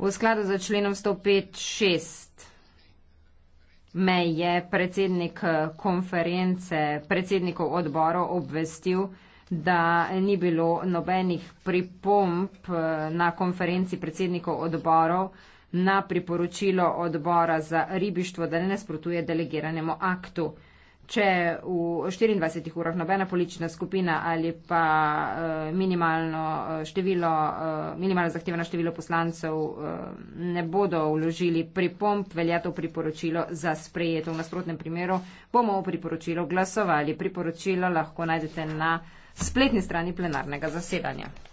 V skladu za členom 105.6 me je predsednik eh, konference predsednikov odborov obvestil, da ni bilo nobenih pripomp eh, na konferenci predsednikov odborov na priporočilo odbora za ribištvo, da ne nasprotuje delegiranemu aktu če v 24 urah nobena politična skupina ali pa eh, minimalno eh, število, eh, minimalno zahtevano število poslancev ne bodo vložili pripomp, velja to priporočilo za sprejeto. V nasprotnem primeru bomo v priporočilo glasovali. Priporočilo lahko najdete na spletni strani plenarnega zasedanja.